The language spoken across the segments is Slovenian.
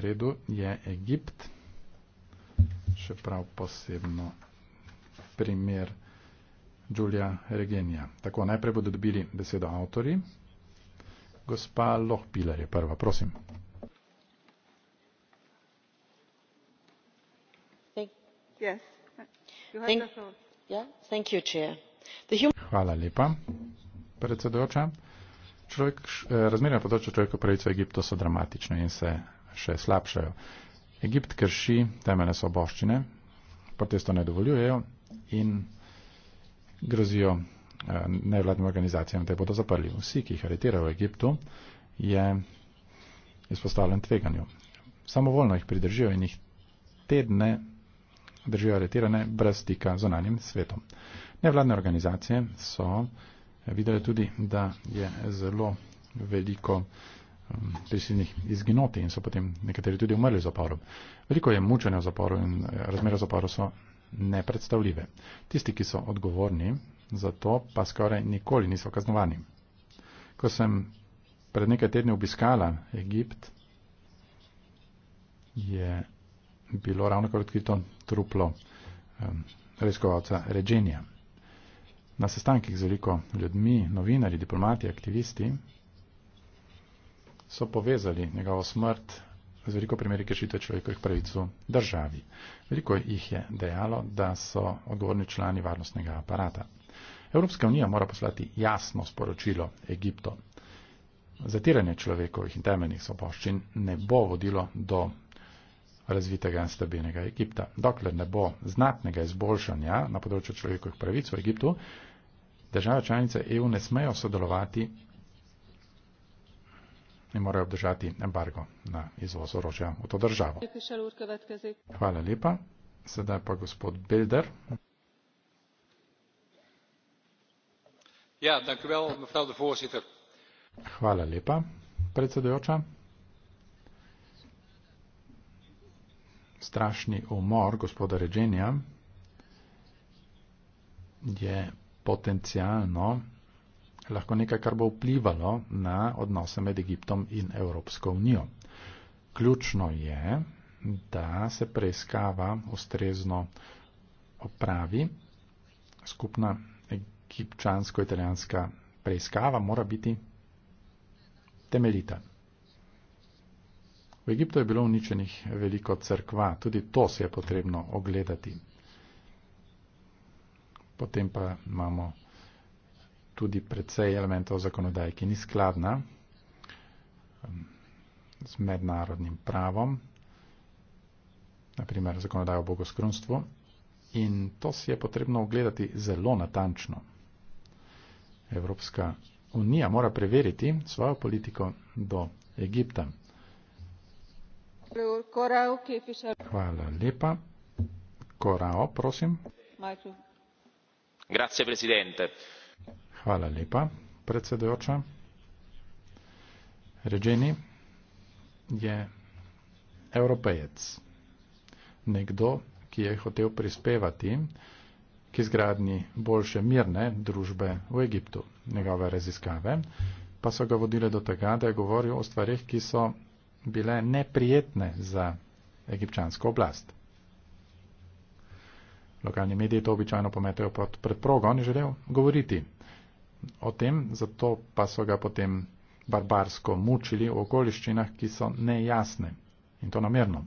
redu je Egipt, še prav posebno primer Giulia Regenija. Tako, najprej bodo dobili besedo avtori. Gospa Lohpiler je prva, prosim. Hvala lepa, predsedujoča. Eh, Razmerja področja človeka pravice v Egiptu so dramatične in se še slabšajo. Egipt krši temene soboščine, protestov ne dovoljujejo in grozijo eh, nevladnim organizacijam, da bodo zaprli. Vsi, ki jih aretirajo v Egiptu, je izpostavljen tveganju. Samovoljno jih pridržijo in jih tedne držijo aretirane brez stika z onanjem svetom. Nevladne organizacije so eh, videli tudi, da je zelo veliko Um, prisilnih izginoti in so potem nekateri tudi umrli v zaporu. Veliko je mučenja v zaporu in eh, razmere v zaporu so nepredstavljive. Tisti, ki so odgovorni, zato pa skoraj nikoli niso kaznovani. Ko sem pred nekaj tedni obiskala Egipt, je bilo ravno kar odkrito truplo um, reskovalca Regenija. Na sestankih z veliko ljudmi, novinarji, diplomati, aktivisti, so povezali njegovo smrt z veliko primeri kršitev človekovih pravic v državi. Veliko jih je dejalo, da so odgovorni člani varnostnega aparata. Evropska unija mora poslati jasno sporočilo Egiptu. Zatiranje človekovih in temeljnih svoboščin ne bo vodilo do razvitega in stabilnega Egipta. Dokler ne bo znatnega izboljšanja na področju človekovih pravic v Egiptu, države članice EU ne smejo sodelovati ne morejo obdržati embargo na izvoz orožja v to državo. Hvala lepa. Sedaj pa gospod Bilder. Ja, dankjewel, mevrouw de voorzitter. Hvala lepa, predsedujoča. Strašni umor gospoda Regenija je potencialno lahko nekaj, kar bo vplivalo na odnose med Egiptom in Evropsko unijo. Ključno je, da se preiskava ustrezno opravi. Skupna egipčansko-italijanska preiskava mora biti temeljita. V Egiptu je bilo uničenih veliko crkva, tudi to se je potrebno ogledati. Potem pa imamo tudi precej elementov zakonodaj, ki ni skladna um, z mednarodnim pravom, naprimer zakonodaj o bogoskrunstvu. In to si je potrebno ogledati zelo natančno. Evropska unija mora preveriti svojo politiko do Egipta. Hvala lepa. Korao, prosim. Grazie, presidente. Hvala lepa, predsedujoča. Ređeni je evropejec. Nekdo, ki je hotel prispevati k izgradnji boljše mirne družbe v Egiptu. Njegove raziskave pa so ga vodile do tega, da je govoril o stvarih, ki so bile neprijetne za egipčansko oblast. Lokalni mediji to običajno pometajo pod preprogo, on je želel govoriti o tem, zato pa so ga potem barbarsko mučili v okoliščinah, ki so nejasne in to namerno.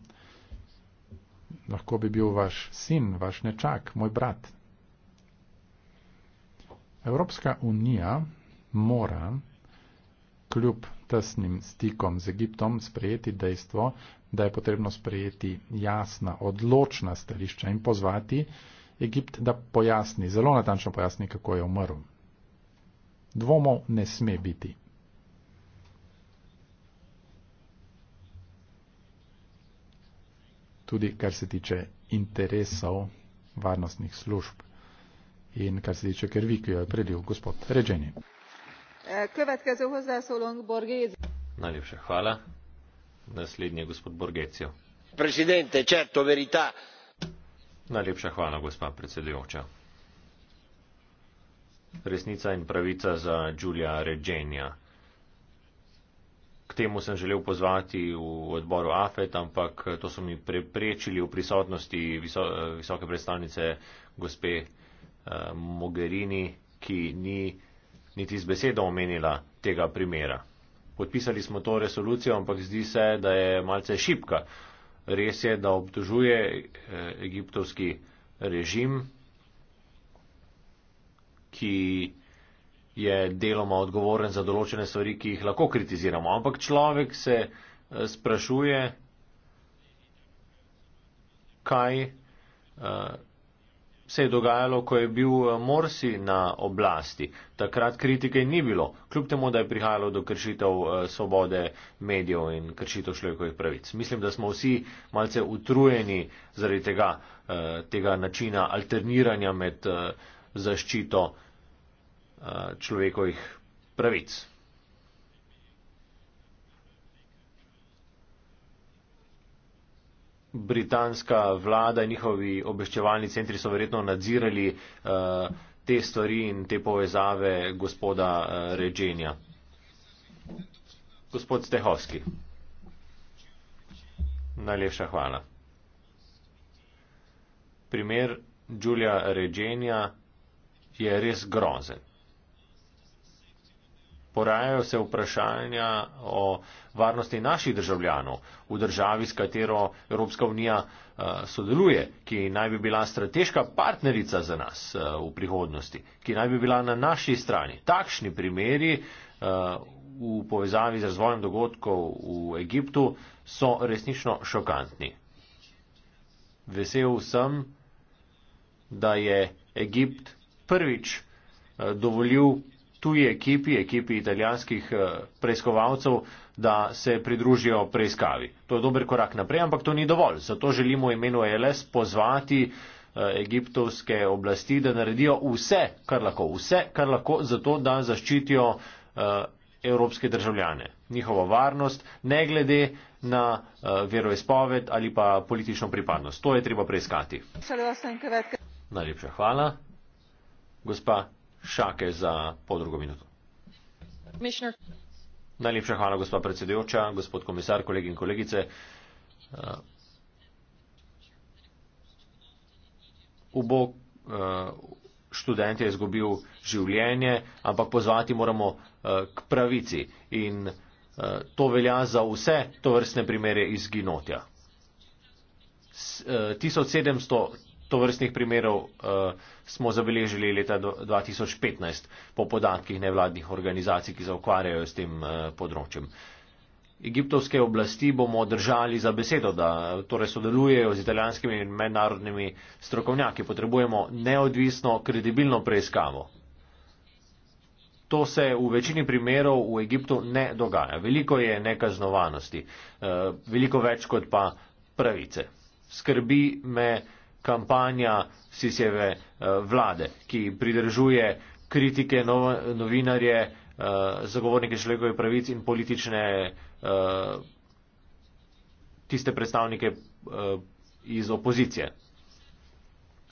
Lahko bi bil vaš sin, vaš nečak, moj brat. Evropska unija mora kljub tesnim stikom z Egiptom sprejeti dejstvo, da je potrebno sprejeti jasna, odločna stališča in pozvati Egipt, da pojasni, zelo natančno pojasni, kako je umrl dvomov ne sme biti. Tudi kar se tiče interesov varnostnih služb in kar se tiče krvi, ki jo je predil gospod Ređeni. Eh, Najlepša hvala. Naslednji je gospod Borgecijo. Predsednik, certo verita. Najlepša hvala, gospa predsedujoča. Resnica in pravica za Đulja Ređenja. K temu sem želel pozvati v odboru AFET, ampak to so mi preprečili v prisotnosti viso, visoke predstavnice gospe eh, Mogherini, ki ni niti z besedo omenila tega primera. Podpisali smo to resolucijo, ampak zdi se, da je malce šipka. Res je, da obtožuje eh, egiptovski režim ki je deloma odgovoren za določene stvari, ki jih lahko kritiziramo. Ampak človek se eh, sprašuje, kaj eh, se je dogajalo, ko je bil eh, Morsi na oblasti. Takrat kritike ni bilo, kljub temu, da je prihajalo do kršitev svobode medijev in kršitev človekovih pravic. Mislim, da smo vsi malce utrujeni zaradi tega, tega načina alterniranja med zaščito eh, človekovih pravic. Britanska vlada in njihovi obveščevalni centri so verjetno nadzirali uh, te stvari in te povezave gospoda uh, eh, Reženja. Gospod Stehovski. Najlepša hvala. Primer Đulja Reženja je res grozen. Porajajo se vprašanja o varnosti naših državljanov v državi, s katero Evropska unija eh, sodeluje, ki naj bi bila strateška partnerica za nas eh, v prihodnosti, ki naj bi bila na naši strani. Takšni primeri eh, v povezavi z razvojem dogodkov v Egiptu so resnično šokantni. Vesel sem, da je Egipt prvič eh, dovolil tuji ekipi, ekipi italijanskih eh, preiskovalcev, da se pridružijo preiskavi. To je dober korak naprej, ampak to ni dovolj. Zato želimo v imenu ELS pozvati eh, egiptovske oblasti, da naredijo vse, kar lahko, vse, kar lahko, zato da zaščitijo evropske državljane, njihovo varnost, ne glede na veroizpoved ali pa politično pripadnost. To je treba preiskati. Najlepša hvala. Gospa Šake za podrugo minuto. Mišner. Najlepša hvala, gospa predsedujoča, gospod komisar, kolegi in kolegice. Uh, ubog uh, študent je izgubil življenje, ampak pozvati moramo uh, k pravici. In to velja za vse to vrstne primere izginotja. 1700 to vrstnih primerov uh, smo zabeležili leta 2015 po podatkih nevladnih organizacij, ki se ukvarjajo s tem uh, področjem. Egiptovske oblasti bomo držali za besedo, da torej sodelujejo z italijanskimi in mednarodnimi strokovnjaki. Potrebujemo neodvisno, kredibilno preiskavo. To se v večini primerov v Egiptu ne dogaja. Veliko je nekaznovanosti, eh, veliko več kot pa pravice. Skrbi me, kampanja Siseve eh, vlade, ki pridržuje kritike novinarje, eh, zagovornike človekovih pravic in politične eh, tiste predstavnike iz opozicije.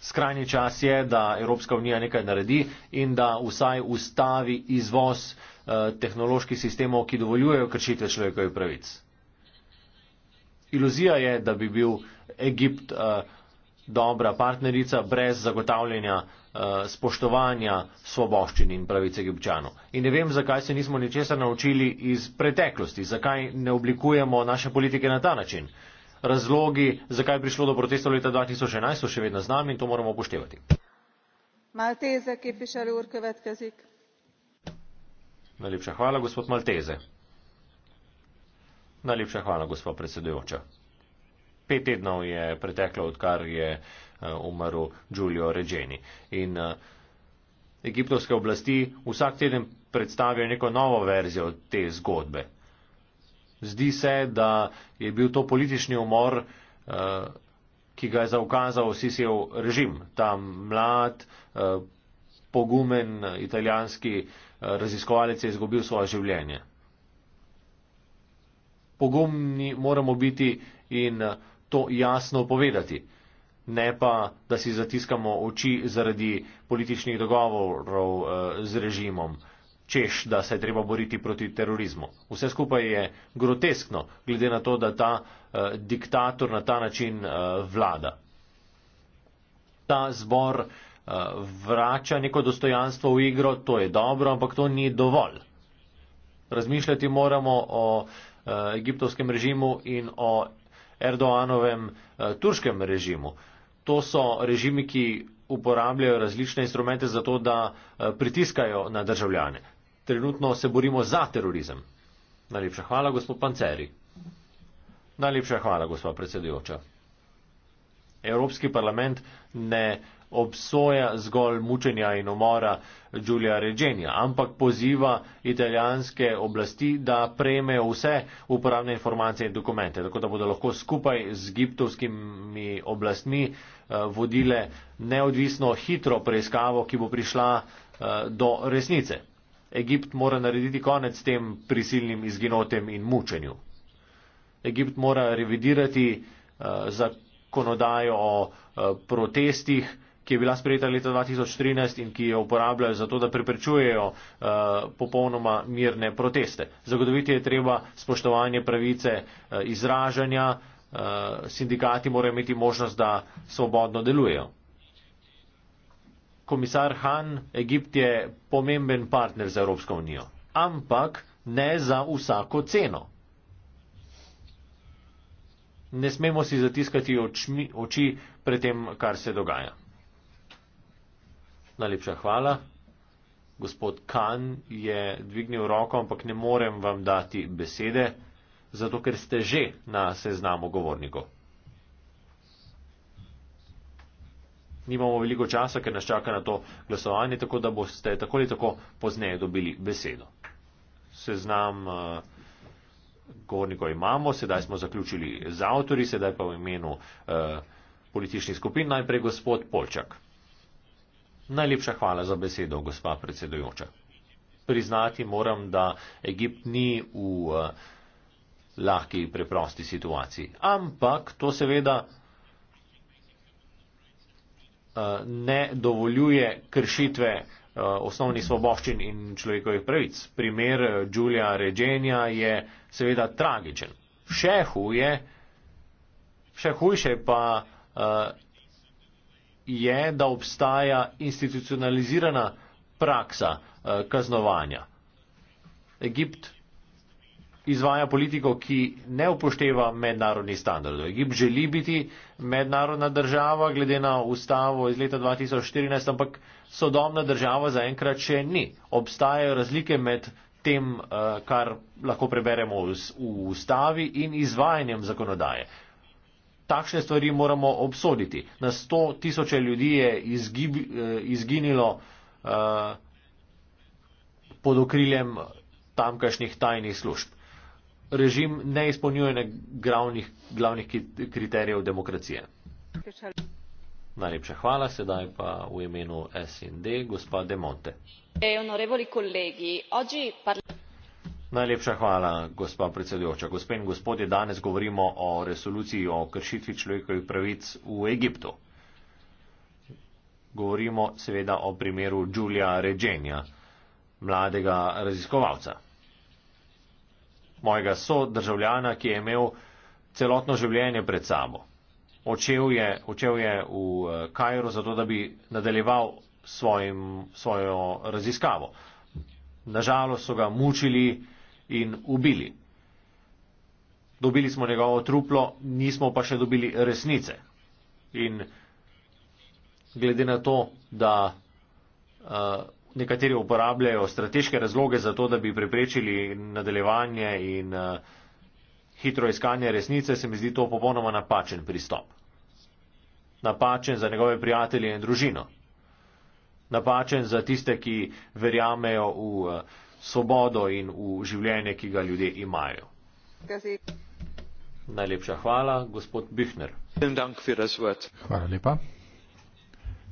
Skrajni čas je, da Evropska unija nekaj naredi in da vsaj ustavi izvoz tehnoloških sistemov, ki dovoljujejo kršitve človekovih pravic. Iluzija je, da bi bil Egipt uh, dobra partnerica brez zagotavljanja uh, spoštovanja svoboščin in pravice egipčanov. In ne vem, zakaj se nismo ničesar naučili iz preteklosti, zakaj ne oblikujemo naše politike na ta način. Razlogi, zakaj je prišlo do protestov leta 2011, so še vedno z nami in to moramo upoštevati. Malteze, ki pišali urke vetkazik. Najlepša hvala, gospod Malteze. Najlepša hvala, gospod predsedujoča pet tednov je preteklo, odkar je eh, umrl Giulio Regeni. In eh, egiptovske oblasti vsak teden predstavijo neko novo verzijo te zgodbe. Zdi se, da je bil to politični umor, eh, ki ga je zaukazal Sisijev režim, ta mlad, pogumen italijanski raziskovalec je izgubil svoje življenje. Pogumni moramo biti in to jasno povedati. Ne pa, da si zatiskamo oči zaradi političnih dogovorov eh, z režimom, češ, da se je treba boriti proti terorizmu. Vse skupaj je groteskno, glede na to, da ta eh, diktator na ta način eh, vlada. Ta zbor eh, vrača neko dostojanstvo v igro, to je dobro, ampak to ni dovolj. Razmišljati moramo o eh, egiptovskem režimu in o Erdoanovem eh, turškem režimu. To so režimi, ki uporabljajo različne instrumente za to, da eh, pritiskajo na državljane. Trenutno se borimo za terorizem. Najlepša hvala, gospod Panceri. Najlepša hvala, gospod predsedujoča. Evropski parlament ne obsoja zgolj mučenja in umora Giulia Regenija, ampak poziva italijanske oblasti, da prejmejo vse uporabne informacije in dokumente, tako da bodo lahko skupaj z egiptovskimi oblastmi eh, vodile neodvisno hitro preiskavo, ki bo prišla eh, do resnice. Egipt mora narediti konec tem prisilnim izginotem in mučenju. Egipt mora revidirati eh, zakonodajo o protestih, ki je bila sprejeta leta 2013 in ki jo uporabljajo za to, da preprečujejo uh, popolnoma mirne proteste. Zagotoviti je treba spoštovanje pravice uh, izražanja, uh, sindikati morajo imeti možnost, da svobodno delujejo. Komisar Han, Egipt je pomemben partner za Evropsko unijo, ampak ne za vsako ceno. Ne smemo si zatiskati oči pred tem, kar se dogaja. Najlepša hvala. Gospod Kan je dvignil roko, ampak ne morem vam dati besede, zato ker ste že na seznamu govornikov. Nimamo veliko časa, ker nas čaka na to glasovanje, tako da boste tako ali tako pozneje dobili besedo. Seznam uh, govornikov imamo, sedaj smo zaključili z avtori, sedaj pa v imenu uh, političnih skupin najprej gospod Polčak. Najlepša hvala za besedo, gospa predsedujoča. Priznati moram, da Egipt ni v eh, lahki, preprosti situaciji. Ampak to seveda eh, ne dovoljuje kršitve eh, osnovnih svoboščin in človekovih pravic. Primer Đulija Ređenja je seveda tragičen. Še huje, še hujše pa je, da obstaja institucionalizirana praksa eh, kaznovanja. Egipt izvaja politiko, ki ne upošteva mednarodnih standardov. Egipt želi biti mednarodna država, glede na ustavo iz leta 2014, ampak sodobna država zaenkrat še ni. Obstajajo razlike med tem, eh, kar lahko preberemo v ustavi in izvajanjem zakonodaje takšne stvari moramo obsoditi. Na sto tisoče ljudi je izgib, eh, izginilo eh, pod okriljem tamkajšnjih tajnih služb. Režim ne izpolnjuje glavnih, glavnih kriterijev demokracije. Najlepša hvala, sedaj pa v imenu SND, gospa Demonte. Hey, eh, Najlepša hvala, gospa predsedujoča. Gospe in gospodje, danes govorimo o resoluciji o kršitvi človekovih pravic v Egiptu. Govorimo seveda o primeru Đulija Ređenja, mladega raziskovalca. Mojega sodržavljana, ki je imel celotno življenje pred sabo. Očel je, očel je v eh, Kajru zato, da bi nadaljeval svojim, svojo raziskavo. Nažalost so ga mučili, in ubili. Dobili smo njegovo truplo, nismo pa še dobili resnice. In glede na to, da uh, nekateri uporabljajo strateške razloge za to, da bi preprečili nadaljevanje in uh, hitro iskanje resnice, se mi zdi to popolnoma napačen pristop. Napačen za njegove prijatelje in družino. Napačen za tiste, ki verjamejo v. Uh, svobodo in v življenje, ki ga ljudje imajo. Najlepša hvala, gospod Bihner. Hvala lepa.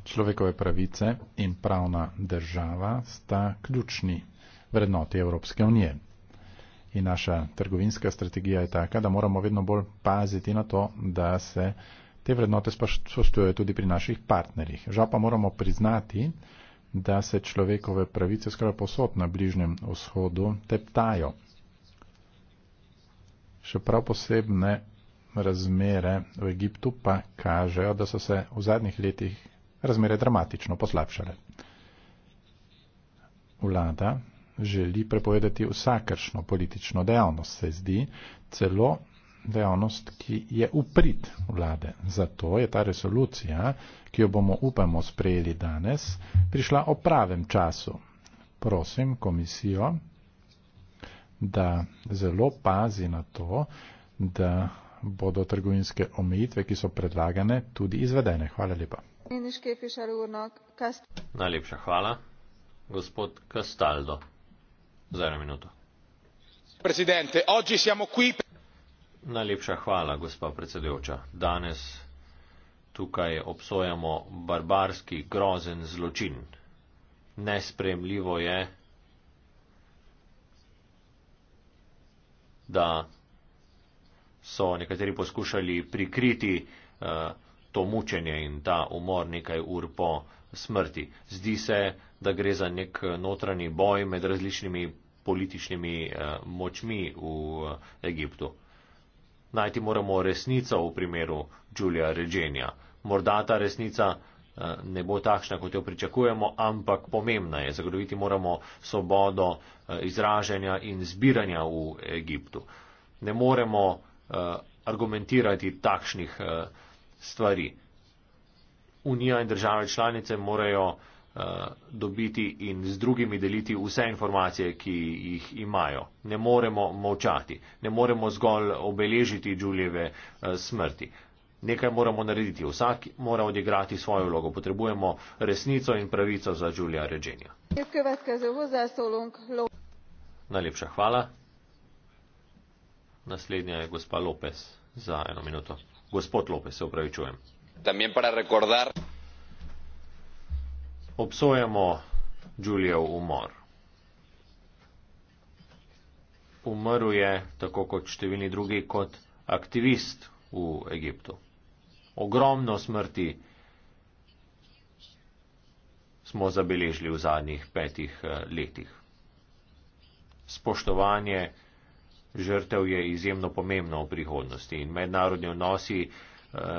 Človekove pravice in pravna država sta ključni vrednoti Evropske unije. In naša trgovinska strategija je taka, da moramo vedno bolj paziti na to, da se te vrednote spoštujejo tudi pri naših partnerjih. Žal pa moramo priznati, da se človekove pravice skoraj posod na Bližnjem vzhodu teptajo. Še prav posebne razmere v Egiptu pa kažejo, da so se v zadnjih letih razmere dramatično poslabšale. Vlada želi prepovedati vsakršno politično dejavnost, se zdi, celo dejavnost, ki je uprit vlade. Zato je ta resolucija, ki jo bomo upamo sprejeli danes, prišla o pravem času. Prosim komisijo, da zelo pazi na to, da bodo trgovinske omejitve, ki so predlagane, tudi izvedene. Hvala lepa. Najlepša hvala. Gospod Castaldo, za eno minuto. Najlepša hvala, gospa predsedujoča. Danes tukaj obsojamo barbarski, grozen zločin. Nespremljivo je, da so nekateri poskušali prikriti uh, to mučenje in ta umor nekaj ur po smrti. Zdi se, da gre za nek eh, notranji boj med različnimi političnimi uh, močmi v uh, Egiptu. Najti moramo resnico v primeru Julija Regenja. Morda ta resnica eh, ne bo takšna, kot jo pričakujemo, ampak pomembna je. Zagotoviti moramo svobodo eh, izražanja in zbiranja v Egiptu. Ne moremo eh, argumentirati takšnih stvari. Unija in države članice morajo Eh, dobiti in z drugimi deliti vse informacije, ki jih imajo. Ne moremo molčati, ne moremo zgolj obeležiti Đuljeve eh, smrti. Nekaj moramo narediti, vsak mora odigrati svojo vlogo. Potrebujemo resnico in pravico za Đulja Ređenja. Najlepša hvala. Naslednja je gospa Lopes za eno minuto. Gospod Lopes, se upravičujem. También para recordar obsojamo Đulijev umor. Umrl je, tako kot številni drugi, kot aktivist v Egiptu. Ogromno smrti smo zabeležili v zadnjih petih eh, letih. Spoštovanje žrtev je izjemno pomembno v prihodnosti in mednarodni odnosi eh,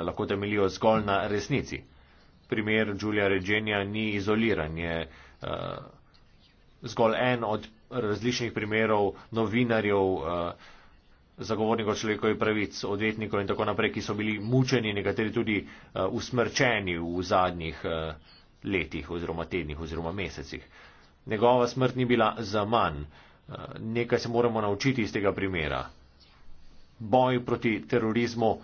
lahko temeljijo zgolj na resnici primer Đulija Ređenja ni izoliran, je uh, eh, zgolj en od različnih primerov novinarjev, uh, zagovornikov človekovih pravic, odvetnikov in tako naprej, ki so bili mučeni, nekateri tudi uh, usmrčeni v zadnjih uh, letih oziroma tednih oziroma mesecih. Njegova smrt ni bila za manj. Uh, nekaj se moramo naučiti iz tega primera. Boj proti terorizmu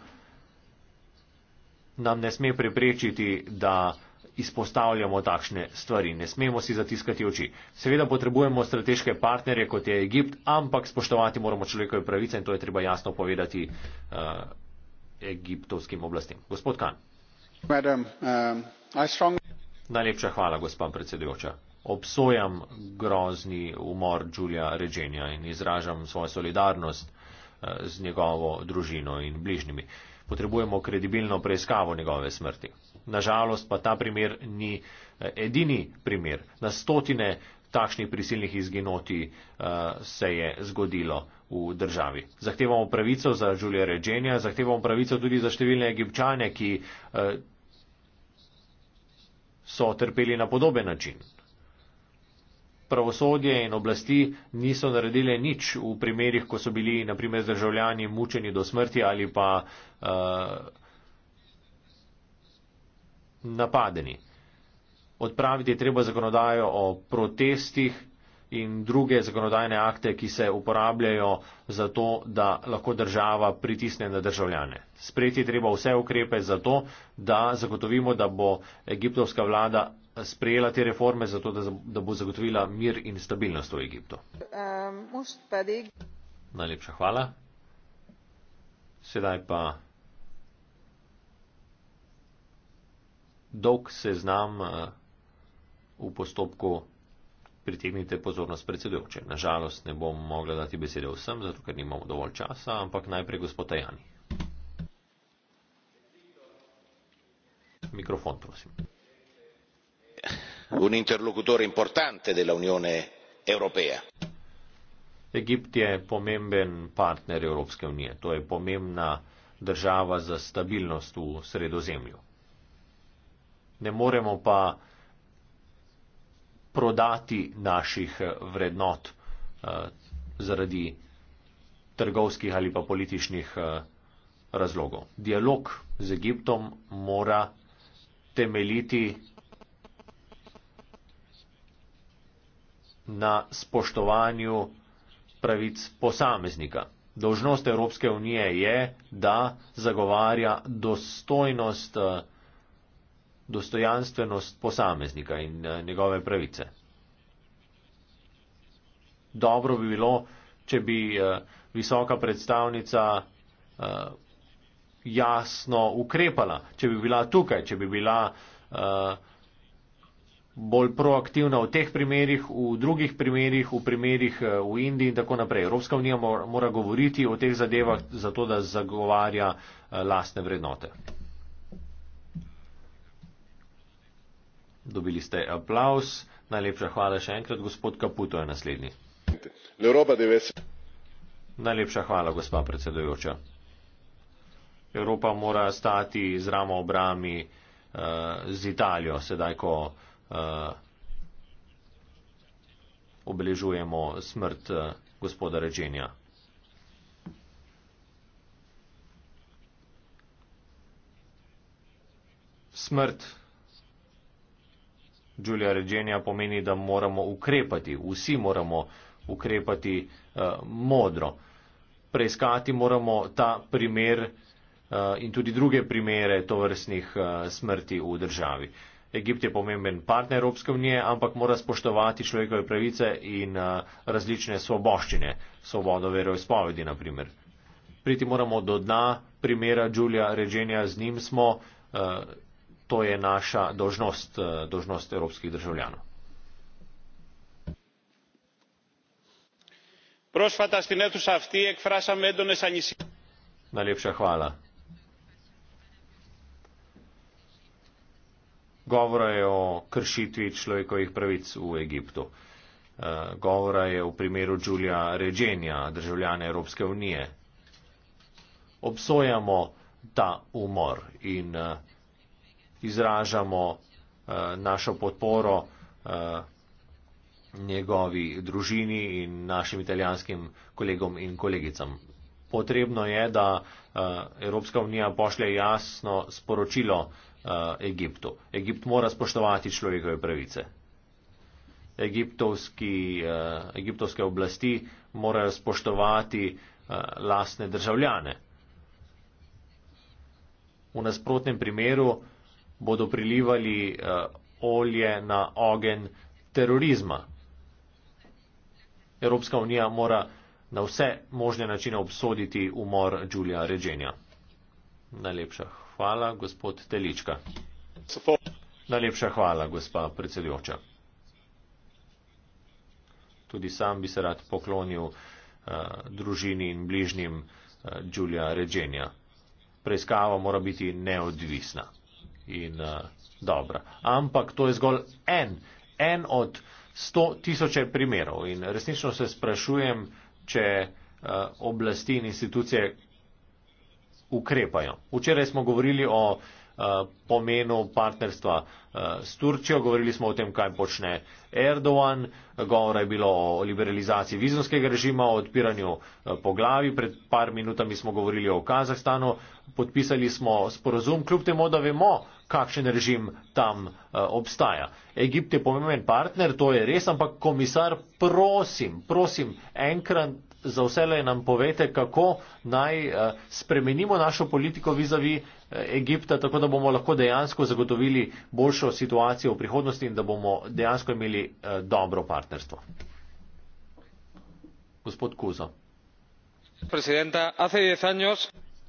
nam ne sme preprečiti, da izpostavljamo takšne stvari. Ne smemo si zatiskati oči. Seveda potrebujemo strateške partnerje, kot je Egipt, ampak spoštovati moramo človekove pravice in to je treba jasno povedati uh, egiptovskim oblastem. Gospod Kan. Madam, um, strong... Najlepša hvala, gospod predsedujoča. Obsojam grozni umor Đulja Reženja in izražam svojo solidarnost uh, z njegovo družino in bližnjimi. Uh, potrebujemo kredibilno preiskavo njegove smrti. Nažalost pa ta primer ni eh, edini primer. Na stotine takšnih prisilnih izginoti uh, eh, se je zgodilo v državi. Zahtevamo pravico za Julija Reženja, zahtevamo pravico tudi za številne egipčane, ki uh, so trpeli na podoben način pravosodje in oblasti niso naredile nič v primerih, ko so bili naprimer državljani mučeni do smrti ali pa uh, napadeni. Odpraviti je treba zakonodajo o protestih in druge zakonodajne akte, ki se uporabljajo za to, da lahko država pritisne na državljane. Spreti treba vse ukrepe za to, da zagotovimo, da bo egiptovska vlada sprejela te reforme zato, da, da bo zagotovila mir in stabilnost v Egiptu. Najlepša hvala. Sedaj pa dolg seznam eh, v postopku. Pritegnite pozornost predsedujoče. Nažalost ne bom mogla dati besede vsem, zato ker nimamo dovolj časa, ampak najprej gospod Tajani. Mikrofon, prosim un interlocutore importante dell'Unione europea. Egipt je pomemben partner Evropske unije, to je pomembna država za stabilnost v sredozemlju. Ne moremo pa prodati naših vrednot eh, zaradi trgovskih ali pa političnih eh, razlogov. Dialog z Egiptom mora temeljiti na spoštovanju pravic posameznika. Dožnost Evropske unije je, da zagovarja dostojnost, eh, dostojanstvenost posameznika in eh, njegove pravice. Dobro bi bilo, če bi eh, visoka predstavnica jasno ukrepala, če bi bila tukaj, če bi bila bolj proaktivna v teh primerjih, v drugih primerjih, v primerjih eh, v Indiji in tako naprej. Evropska unija mora govoriti o teh zadevah zato, da zagovarja eh, lastne vrednote. Dobili ste aplaus. Najlepša hvala še enkrat. Gospod Kaputo je naslednji. Najlepša hvala, gospa predsedujoča. Evropa mora stati z ramo obrami eh, z Italijo, sedaj ko. Eh, obeležujemo smrt eh, gospoda Rečenja. Smrt Đulja Rečenja pomeni, da moramo ukrepati, vsi moramo ukrepati uh, modro. Preiskati moramo ta primer uh, in tudi druge primere tovrstnih uh, smrti v državi. Uh, Egipt je pomemben partner Evropske unije, ampak mora spoštovati človekove pravice in različne svoboščine, svobodo veroizpovedi naprimer. Priti moramo do dna primera Đulja Reženja, z njim smo, to je naša dožnost, dožnost evropskih državljanov. Najlepša hvala. govora je o kršitvi človekovih pravic v Egiptu. Eh, govora je v primeru Đulja Ređenja, državljane Evropske unije. Obsojamo ta umor in eh, izražamo eh, našo podporo njegovi družini in našim italijanskim kolegom in kolegicam. Potrebno je, da Evropska unija pošlje jasno sporočilo uh, uh, Egiptu. Egipt mora spoštovati človekove pravice. Egiptovski, uh, egiptovske oblasti morajo spoštovati uh, lastne državljane. V nasprotnem primeru bodo prilivali uh, olje na ogen terorizma. Evropska unija mora na vse možne načine obsoditi umor Đulija Ređenja. Najlepša hvala. Hvala, gospod Telička. Najlepša hvala, gospa predsedujoča. Tudi sam bi se rad poklonil uh, družini in bližnjim Đulja eh, uh, Ređenja. Preiskava mora biti neodvisna in uh, dobra. Ampak to je zgolj en, en od sto tisoče primerov in resnično se sprašujem, če uh, oblasti in institucije ukrepajo. Včeraj smo govorili o eh, pomenu partnerstva eh, s Turčijo, govorili smo o tem, kaj počne Erdogan, govora je bilo o liberalizaciji vizumskega režima, o odpiranju eh, poglavi, pred par minutami smo govorili o Kazahstanu, podpisali smo sporozum, kljub temu, da vemo, kakšen režim tam obstaja. Egipt je pomemben partner, to je res, ampak komisar, prosim, prosim, enkrat za vselej nam povete, kako naj eh, spremenimo našo politiko vizavi eh, Egipta, tako da bomo lahko dejansko zagotovili boljšo situacijo v prihodnosti in da bomo dejansko imeli eh, dobro partnerstvo. Gospod Kuzo.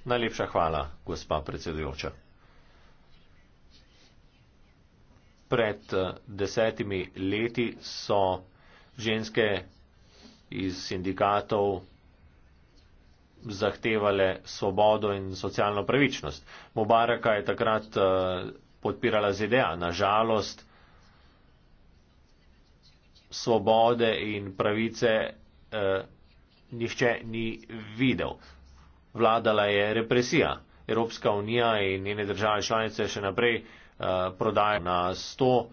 Najlepša hvala, gospa predsedujoča. Pred desetimi leti so ženske iz sindikatov zahtevale svobodo in socialno pravičnost. Mubaraka je takrat eh, podpirala ZDA. Nažalost, svobode in pravice eh, nišče ni videl. Vladala je represija. Evropska unija in njene države članice še naprej eh, prodajajo na sto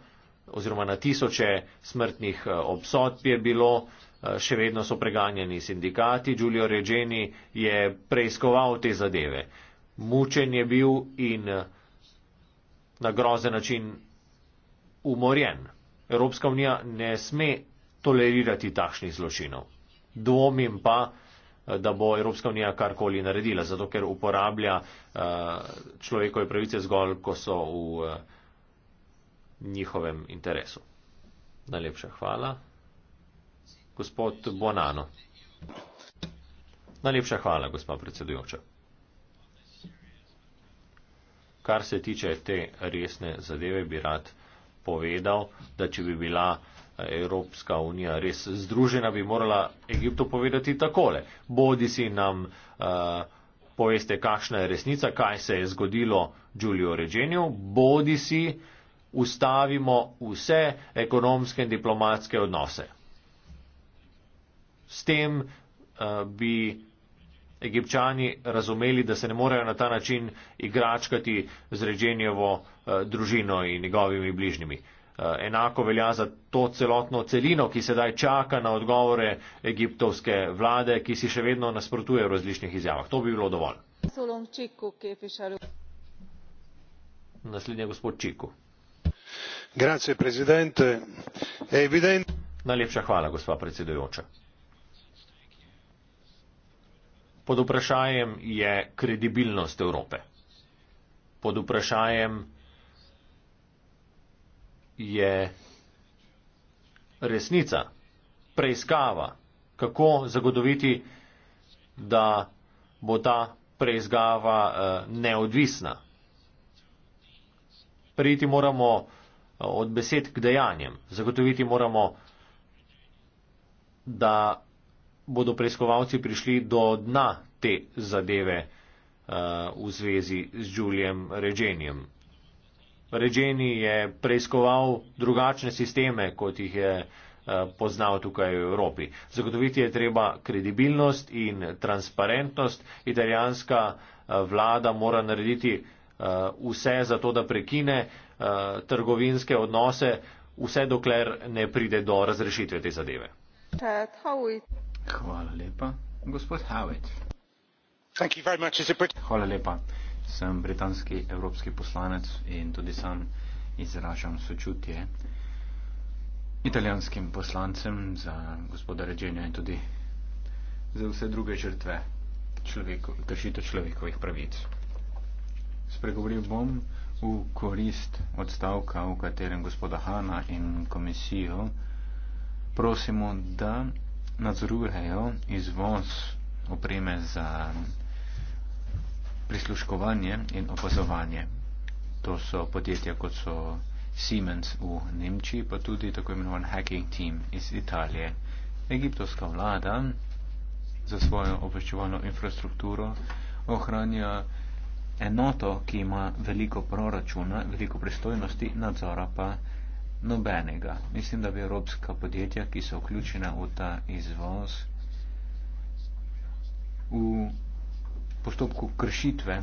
oziroma na tisoče smrtnih eh, obsodb je bilo. Eh, Eh, še vedno so preganjeni sindikati. Giulio Regeni je preiskoval te zadeve. Mučen je bil in eh, na grozen način umorjen. Evropska unija ne sme tolerirati takšnih zločinov. Dvomim pa, eh, da bo Evropska unija karkoli naredila, zato ker uporablja človekove pravice zgolj, ko so v njihovem interesu. Najlepša hvala gospod Bonano. Najlepša hvala, gospod predsedujoča. Kar se tiče te resne zadeve, bi rad povedal, da če bi bila eh, Evropska unija res združena, bi morala Egiptu povedati takole. Bodi si nam uh, poveste, kakšna je resnica, kaj se je zgodilo Giulio Regeniu, bodi si ustavimo vse ekonomske in diplomatske odnose. S tem uh, bi egipčani razumeli, da se ne morejo na ta način igračkati z Reženjevo uh, eh, družino in njegovimi bližnjimi. Eh, enako velja za to celotno celino, ki sedaj čaka na odgovore egiptovske vlade, ki si še vedno nasprotuje v različnih izjavah. To bi bilo dovolj. Naslednji je gospod Čiku. Grazie, predsednik. Evident... Najlepša hvala, gospod predsedujoča. Pod vprašanjem je kredibilnost Evrope. Pod vprašanjem je resnica, preiskava, kako zagotoviti, da bo ta preiskava eh, neodvisna. Priti moramo eh, od besed k dejanjem. Zagotoviti moramo, da bodo preiskovalci prišli do dna te zadeve eh, v zvezi z Julijem Reženjem. Reženji je preiskoval drugačne sisteme, kot jih je eh, poznal tukaj v Evropi. Zagotoviti je treba kredibilnost in transparentnost. Italijanska eh, vlada mora narediti vse za to, da prekine trgovinske odnose, vse dokler ne pride do razrešitve te zadeve. Hvala lepa. Gospod Havec. Hvala lepa. Sem britanski evropski poslanec in tudi sam izražam sočutje italijanskim poslancem za gospoda Reženja in tudi za vse druge žrtve kršitev človekovih pravic. Spregovoril bom v korist odstavka, v katerem gospoda Hana in komisijo prosimo, da nadzorujejo izvoz opreme za prisluškovanje in opazovanje. To so podjetja, kot so Siemens v Nemčiji, pa tudi tako imenovan hacking team iz Italije. Egiptovska vlada za svojo obveščevalno infrastrukturo ohranja enoto, ki ima veliko proračuna, veliko pristojnosti, nadzora pa nobenega. Mislim, da bi evropska podjetja, ki so vključena v ta izvoz, v postopku kršitve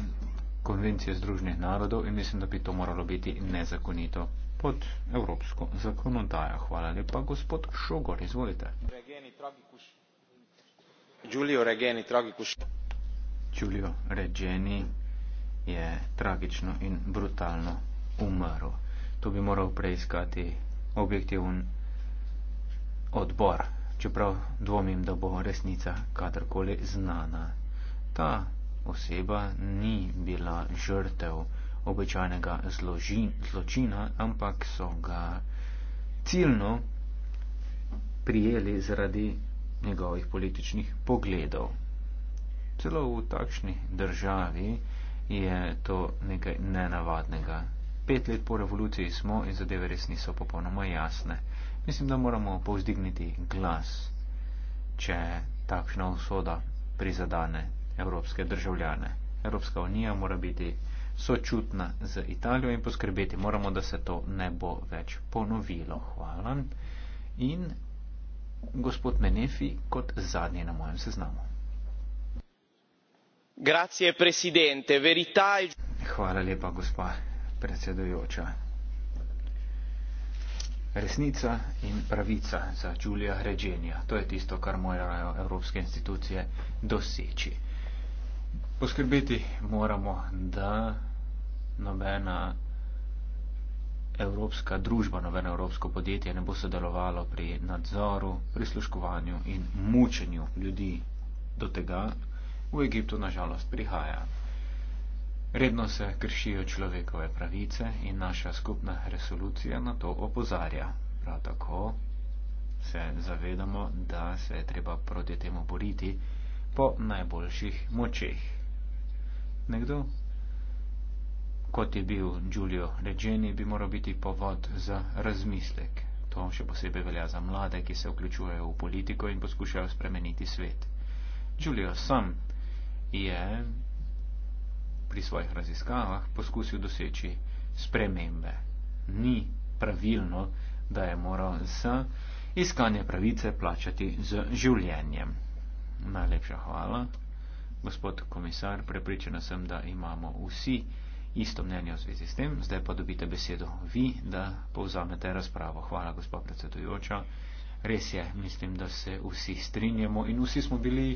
konvencije Združenih narodov in mislim, da bi to moralo biti nezakonito pod evropsko zakonodajo. Hvala lepa, gospod Šogor, izvolite. Giulio Regeni, tragikuš. Giulio Regeni je tragično in brutalno umrl to bi moral preiskati objektivn odbor, čeprav dvomim, da bo resnica kadarkoli znana. Ta oseba ni bila žrtev običajnega zložin, zločina, ampak so ga ciljno prijeli zaradi njegovih političnih pogledov. Celo v takšni državi je to nekaj nenavadnega pet let po revoluciji smo in zadeve res niso popolnoma jasne. Mislim, da moramo povzdigniti glas, če takšna usoda prizadane evropske državljane. Evropska unija mora biti sočutna z Italijo in poskrbeti moramo, da se to ne bo več ponovilo. Hvala. In gospod Menefi kot zadnji na mojem seznamu. Grazie, Presidente. Verità... Hvala lepa, gospa predsedujoča. Resnica in pravica za Julija Hređenja. To je tisto, kar morajo evropske institucije doseči. Poskrbeti moramo, da nobena evropska družba, nobeno evropsko podjetje ne bo sodelovalo pri nadzoru, prisluškovanju in mučenju ljudi. Do tega v Egiptu nažalost prihaja. Redno se kršijo človekove pravice in naša skupna resolucija na to opozarja. Prav tako se zavedamo, da se je treba proti temu boriti po najboljših močeh. Nekdo, kot je bil Giulio Regeni, bi moral biti povod za razmislek. To še posebej velja za mlade, ki se vključujejo v politiko in poskušajo spremeniti svet. Giulio sam je pri svojih raziskavah poskusil doseči spremembe. Ni pravilno, da je moral z iskanje pravice plačati z življenjem. Najlepša hvala. Gospod komisar, prepričana sem, da imamo vsi isto mnenje v zvezi s tem. Zdaj pa dobite besedo vi, da povzamete razpravo. Hvala, gospod predsedujoča. Res je, mislim, da se vsi strinjamo in vsi smo bili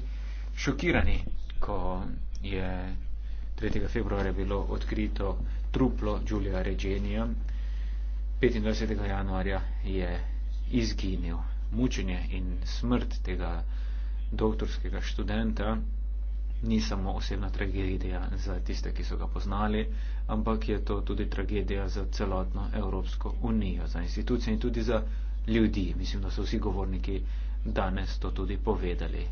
šokirani, ko je 3. februarja je bilo odkrito truplo Giulia Regenija, 25. januarja je izginil mučenje in smrt tega doktorskega študenta. Ni samo osebna tragedija za tiste, ki so ga poznali, ampak je to tudi tragedija za celotno Evropsko unijo, za institucije in tudi za ljudi. Mislim, da so vsi govorniki danes to tudi povedali.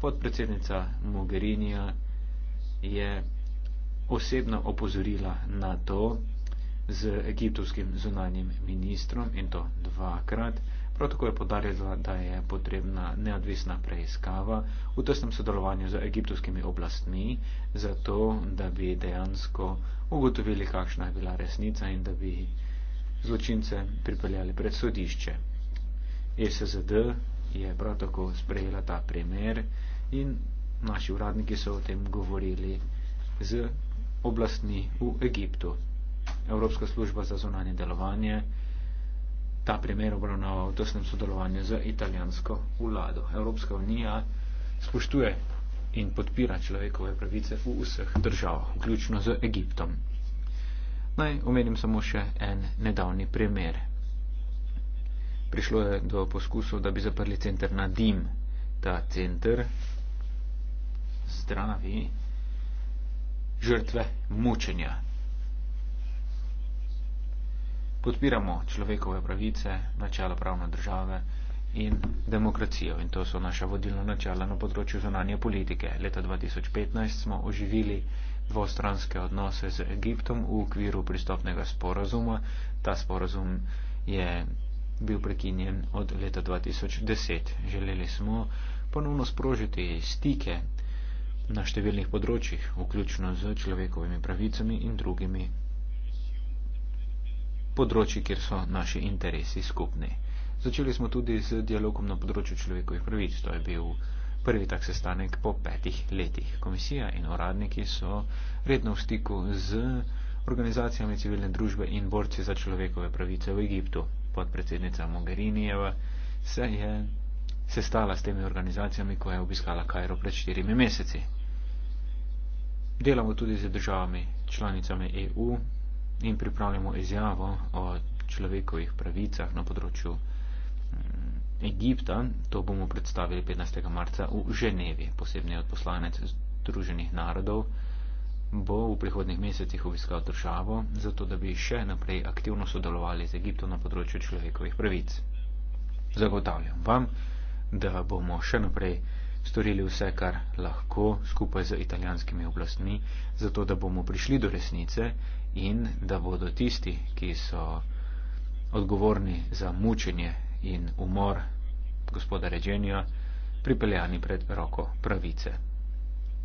Podpredsednica Mogherinija je osebna opozorila na to z egiptovskim zunanjim ministrom in to dvakrat. Prav tako je podarila, da je potrebna neodvisna preiskava v tesnem sodelovanju z egiptovskimi oblastmi, zato da bi dejansko ugotovili, kakšna je bila resnica in da bi zločince pripeljali pred sodišče. ESZD je prav tako sprejela ta primer in naši uradniki so o tem govorili z oblastni v Egiptu. Evropska služba za zonanje delovanje ta primer obravnava v tesnem sodelovanju z italijansko vlado. Evropska unija spoštuje in podpira človekove pravice v vseh državah, vključno z Egiptom. Naj omenim samo še en nedavni primer. Prišlo je do poskusov, da bi zaprli center na Dim. Ta center zdravi žrtve mučenja. Podpiramo človekove pravice, načelo pravne države in demokracijo in to so naša vodilna načela na področju zunanje politike. Leta 2015 smo oživili dvostranske odnose z Egiptom v okviru pristopnega sporazuma. Ta sporazum je bil prekinjen od leta 2010. Želeli smo ponovno sprožiti stike na številnih področjih, vključno z človekovimi pravicami in drugimi področji, kjer so naši interesi skupni. Začeli smo tudi z dialogom na področju človekovih pravic. To je bil prvi tak sestanek po petih letih. Komisija in uradniki so redno v stiku z organizacijami civilne družbe in borci za človekove pravice v Egiptu. Podpredsednica Mogherinijeva se je sestala s temi organizacijami, ko je obiskala Kajro pred štirimi meseci. Delamo tudi z državami članicami EU in pripravljamo izjavo o človekovih pravicah na področju mm, Egipta. To bomo predstavili 15. marca v Ženevi. Posebni odposlanec Združenih narodov bo v prihodnih mesecih obiskal državo, zato da bi še naprej aktivno sodelovali z Egiptom na področju človekovih pravic. Zagotavljam vam, da bomo še naprej storili vse, kar lahko skupaj z italijanskimi oblastmi, zato da bomo prišli do resnice in da bodo tisti, ki so odgovorni za mučenje in umor gospoda Reženja, pripeljani pred roko pravice.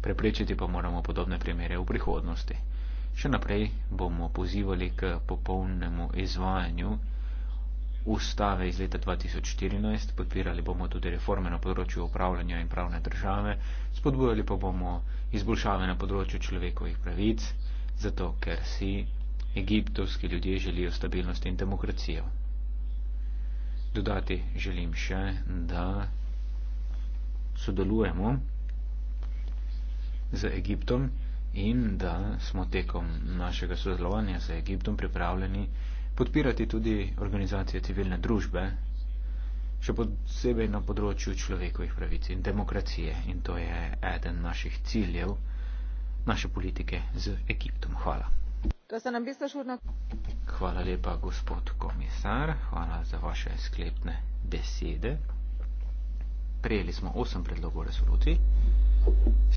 Preprečiti pa moramo podobne primere v prihodnosti. Še naprej bomo pozivali k popolnemu izvajanju ustave iz leta 2014, podpirali bomo tudi reforme na področju upravljanja in pravne države, spodbujali pa bomo izboljšave na področju človekovih pravic, zato ker si egiptovski ljudje želijo stabilnost in demokracijo. Dodati želim še, da sodelujemo z Egiptom in da smo tekom našega sodelovanja z Egiptom pripravljeni podpirati tudi organizacije civilne družbe, še posebej na področju človekovih pravic in demokracije. In to je eden naših ciljev, naše politike z Egiptom. Hvala. Hvala lepa, gospod komisar. Hvala za vaše sklepne besede. Prejeli smo osem predlogov resolucij.